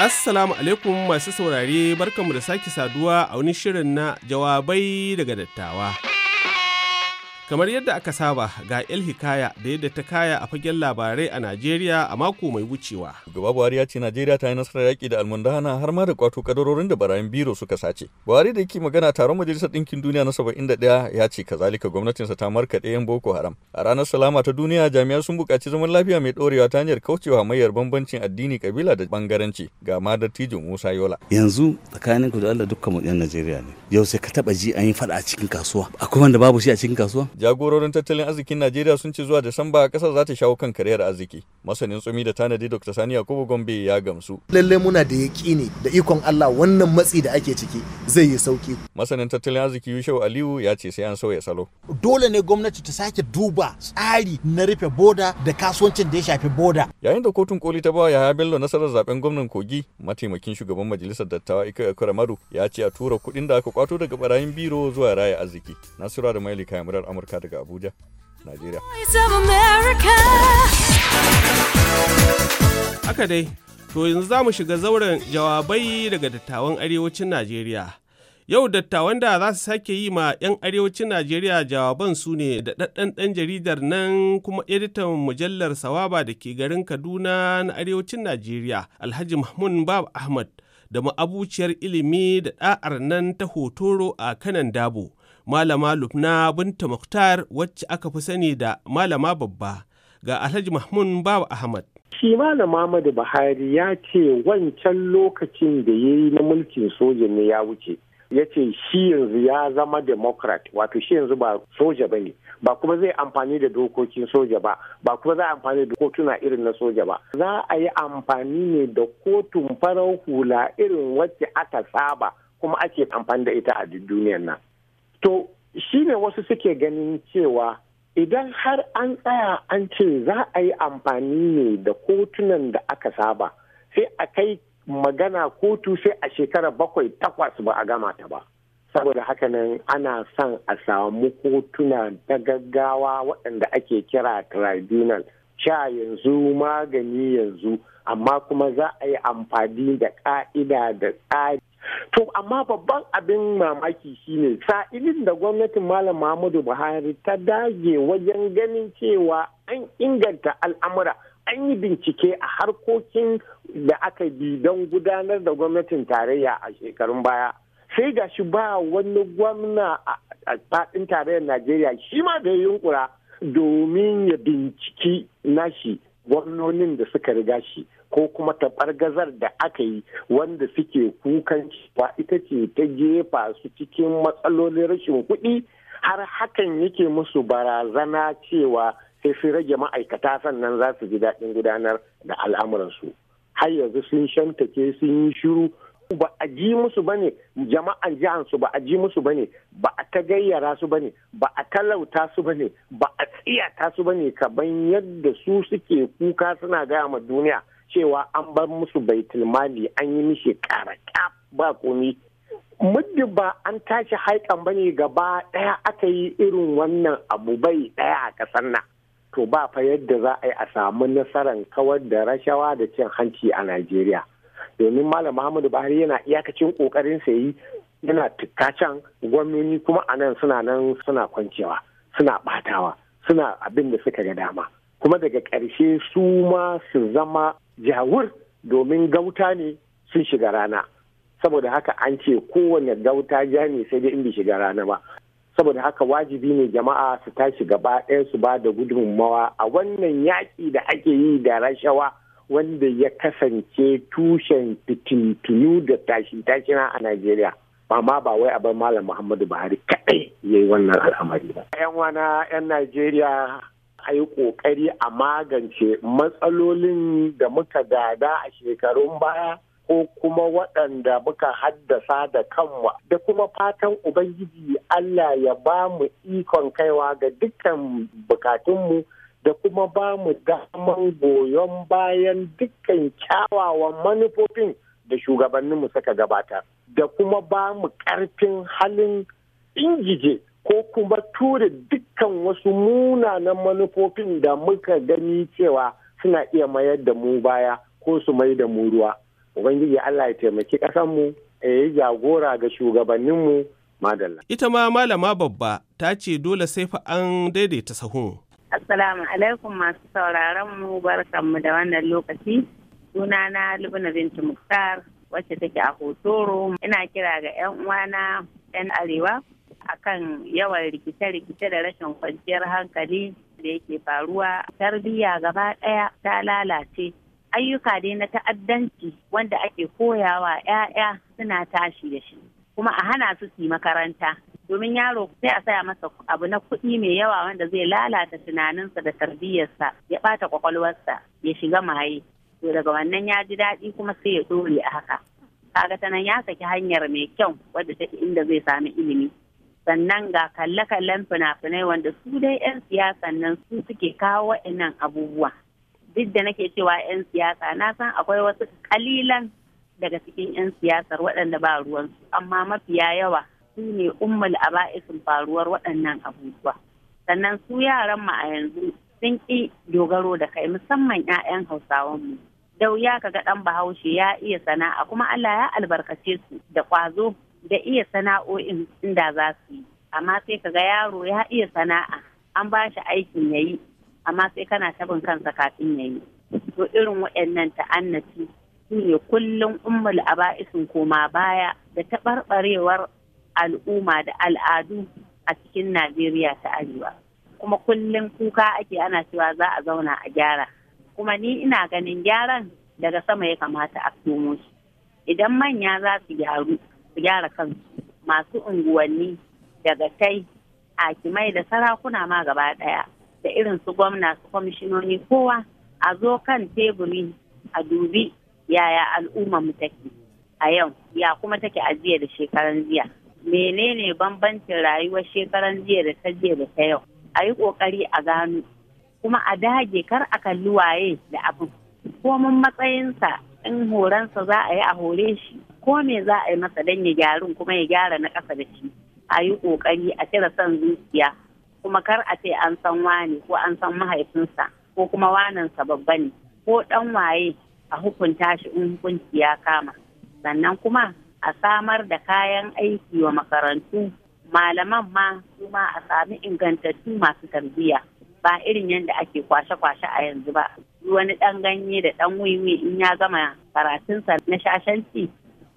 Assalamu alaikum masu saurare barkanmu da sake saduwa a wani shirin na jawabai daga dattawa. Kamar yadda aka saba ga El Hikaya da yadda ta kaya a fagen labarai a Najeriya a mako mai wucewa. Gaba Buhari ya ce Najeriya ta yi nasarar yaƙi da almundana har ma da kwato kadarorin da barayin biro suka sace. Buhari da yake magana taron Majalisar Ɗinkin Duniya na 71 ya ce kazalika gwamnatinsa ta markaɗe 'yan Boko Haram. A ranar salama ta duniya jami'a sun buƙaci zaman lafiya mai ɗorewa ta hanyar kaucewa mayar bambancin addini kabila da bangaranci ga ma tijin Musa Yola. Yanzu tsakaninku da Allah dukkan mu 'yan Najeriya ne. Yau sai ka taɓa ji an yi faɗa a cikin kasuwa. Akwai wanda babu shi a cikin kasuwa? jagororin tattalin arzikin Najeriya sun ce zuwa Disamba kasar za ta shawo kan kariyar arziki. Masanin tsumi da tanadi Dr. Sani Yakubu Gombe ya gamsu. Lalle muna da ne da ikon Allah wannan matsi da ake ciki zai yi sauki. Masanin tattalin arziki Yushau Aliyu ya ce sai an sauya salo. Dole ne gwamnati ta sake duba tsari na rufe boda da kasuwancin da ya shafi boda. Yayin da kotun koli ta bawa Yahaya Bello nasarar zaben gwamnan Kogi, mataimakin shugaban majalisar dattawa Ika Kuramaru ya ce a tura kuɗin da aka kwato daga barayin biro zuwa raya arziki. Nasura da Maili Kamarar Amurka. Amurka daga Abuja, Najeriya. Haka dai, to yanzu za mu shiga zauren jawabai daga dattawan arewacin Najeriya. Yau dattawan da za su sake yi ma 'yan arewacin Najeriya jawaban su ne da ɗaɗɗan ɗan jaridar nan kuma editan mujallar Sawaba da ke garin Kaduna na arewacin Najeriya, Alhaji Mahmud Bab Ahmad. da ma'abuciyar ilimi da ɗa'ar nan ta hotoro a kanan dabo Malama Lubna Binta Muktar wacce aka fi sani da Malama Babba ga Alhaji Mahmud Bawa Ahmad. Shi Malam Madu Buhari ya ce wancan lokacin da ya yi na mulkin soja ne ya wuce. Ya ce shi yanzu ya zama Democrat, wato shi yanzu ba soja ba ne, ba kuma zai amfani da dokokin soja ba, ba kuma za a amfani da kotuna irin na soja ba. Za a yi amfani ne da kotun farar hula irin wacce aka saba kuma ake amfani da ita a duniyar nan. to shi ne wasu suke ganin cewa idan har an tsaya an ce za a yi amfani ne da kotunan da aka saba sai a kai magana kotu sai a shekara bakwai takwas ba a gama ta ba saboda haka nan ana son a samu kotuna na gaggawa waɗanda ake kira tribunal sha yanzu magani yanzu amma kuma za a yi amfani da ƙa'ida da tsari To amma babban abin mamaki shine sa'ilin da gwamnatin Malam Muhammadu Buhari ta dage wajen ganin cewa an inganta al'amura an yi bincike a harkokin da aka bi don gudanar da gwamnatin tarayya a shekarun baya. Sai ga shi ba wani gwamna a faɗin tarayyar Najeriya shi ma da yunkura domin ya binciki nashi gwamnonin da suka riga shi. ko kuma gazar da aka yi wanda suke kukan cewa ita ce ta jefa su cikin matsalolin rashin kuɗi har hakan yake musu barazana cewa sai su rage ma'aikata sannan za su ji daɗin gudanar da al'amuransu har yanzu sun shantake sun yi shiru ba a ji musu bane jama'an jihansu ba a ji musu bane ba a ta gayyara su bane ba a talauta su bane ba a tsiyata su bane kaban yadda su suke kuka suna gaya ma duniya cewa an bar musu bai mali an yi mishi karaka ba komi muddin ba an tashi haikan bane gaba daya aka yi irin wannan abu bai daya a kasar nan to ba fa yadda za a yi a samu nasarar kawar da rashawa da cin hanci a Najeriya domin malam Muhammadu Buhari yana iyakacin kokarin sa yi yana tukacen gwamnoni kuma a nan suna nan suna kwancewa suna batawa suna abin da suka ga dama kuma daga ƙarshe su ma su zama jawur domin gauta ne sun shiga rana saboda haka an ce kowane gauta ja ne sai dai in bai shiga rana ba saboda haka wajibi ne jama'a su tashi gaba ɗaya su ba da gudunmawa a wannan yaƙi da ake yi da rashawa wanda ya kasance tushen fitintunu da tashin tashina a Najeriya. Mama ba wai abin Malam Muhammadu Buhari kaɗai ya yi wannan al'amari ba. 'Yan wana 'yan Najeriya a yi ƙoƙari a magance matsalolin da muka gada a shekarun baya ko kuma waɗanda muka haddasa da kanwa da kuma fatan ubangiji Allah ya ba mu ikon kaiwa ga dukkan bukatunmu da kuma ba mu daman goyon bayan dukkan kyawawan manufofin da shugabanninmu suka gabata da kuma ba mu ƙarfin halin ingije ko kuma ture dukkan wasu munanan manufofin da muka gani cewa suna iya mayar da mu baya ko su mai da mu ruwa ubangiji allah ya taimaki ƙasanmu ya jagora ga shugabanninmu madalla ita ma malama babba ta ce dole sai fa an daidaita sahun assalamu alaikum masu sauraron mu barkanmu da wannan lokaci sunana lubna binti muktar wacce take a hotoro ina kira ga 'yan uwana 'yan arewa akan yawan rikice-rikice da rashin kwanciyar hankali da yake faruwa tarbiyya gaba ɗaya ta lalace ayyuka dai na ta'addanci wanda ake koyawa 'ya'ya suna tashi da shi kuma a hana su yi makaranta domin yaro sai a saya masa abu na kuɗi mai yawa wanda zai lalata tunaninsa da tarbiyyarsa ya bata kwakwalwarsa ya shiga maye to daga wannan ya ji daɗi kuma sai ya ɗore a haka kaga ta nan ya saki hanyar mai kyau wadda ta inda zai sami ilimi sannan ga kalle-kallen fina-finai wanda su dai 'yan siyasan nan su suke kawo wa'annan abubuwa duk da nake cewa 'yan siyasa na san akwai wasu kalilan daga cikin 'yan siyasar waɗanda ba ruwansu amma mafiya yawa su ne ummul aba'isin faruwar waɗannan abubuwa sannan su yaran mu a yanzu sun ƙi dogaro da kai musamman 'ya'yan hausawan mu da wuya kaga ɗan bahaushe ya iya sana'a kuma Allah ya albarkace su da ƙwazo da iya sana'o'in inda za su yi amma sai ka ga yaro ya iya sana'a an ba shi aikin ya yi amma sai kana tabin kansa kafin ya yi to irin waɗannan ta'annaci su ne kullum ummul aba'isin koma baya da taɓarɓarewar al'umma da al'adu a cikin najeriya ta arewa kuma kullum kuka ake ana cewa za a zauna a gyara kuma ni ina ganin gyaran daga sama ya kamata a komo shi idan manya za su gyaru gyara kansu masu unguwanni daga tai kimai da sarakuna ma gaba daya da irin su gwamna su kwamishinoni kowa a zo kan teburi a dubi yaya al'umma mu take a yau ya kuma take a jiya da shekaran jiya menene bambancin rayuwar shekaran jiya da ta jiya da ta yau a yi kokari a gano kuma a dage kar a kalli waye da abin komin matsayinsa in horonsa za a yi a hore shi ko me za a yi masa dan ya gyaru kuma ya gyara na ƙasa da shi a yi ƙoƙari a cire son zuciya kuma kar a ce an san wani ko an san mahaifinsa ko kuma wanansa babba ne ko ɗan waye a hukunta shi in hukunci ya kama sannan kuma a samar da kayan aiki wa makarantu malaman ma kuma a sami ingantattu masu tarbiyya ba irin yadda ake kwashe-kwashe a yanzu ba wani ɗan ganye da ɗan wiwi in ya gama karatunsa na shashanci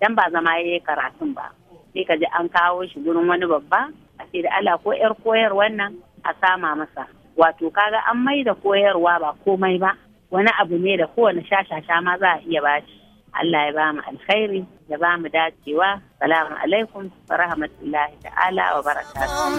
dan ba zama ya yi karatun ba sai ka ji an kawo shi gurin wani babba a ce da Allah ko yar koyar nan a sama masa wato kaga an mai da koyarwa ba komai ba wani abu ne da kowane shashasha ma za a iya bashi Allah ya ba mu alkhairi ya bamu dacewa salamu alaikum wa rahmatullahi ta'ala wa barakatuh